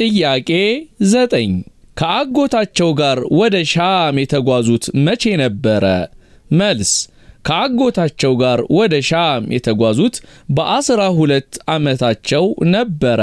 ጥያቄ ዘጠኝ ከአጎታቸው ጋር ወደ ሻም የተጓዙት መቼ ነበረ? መልስ ከአጎታቸው ጋር ወደ ሻም የተጓዙት በአስራ ሁለት ዓመታቸው ነበረ።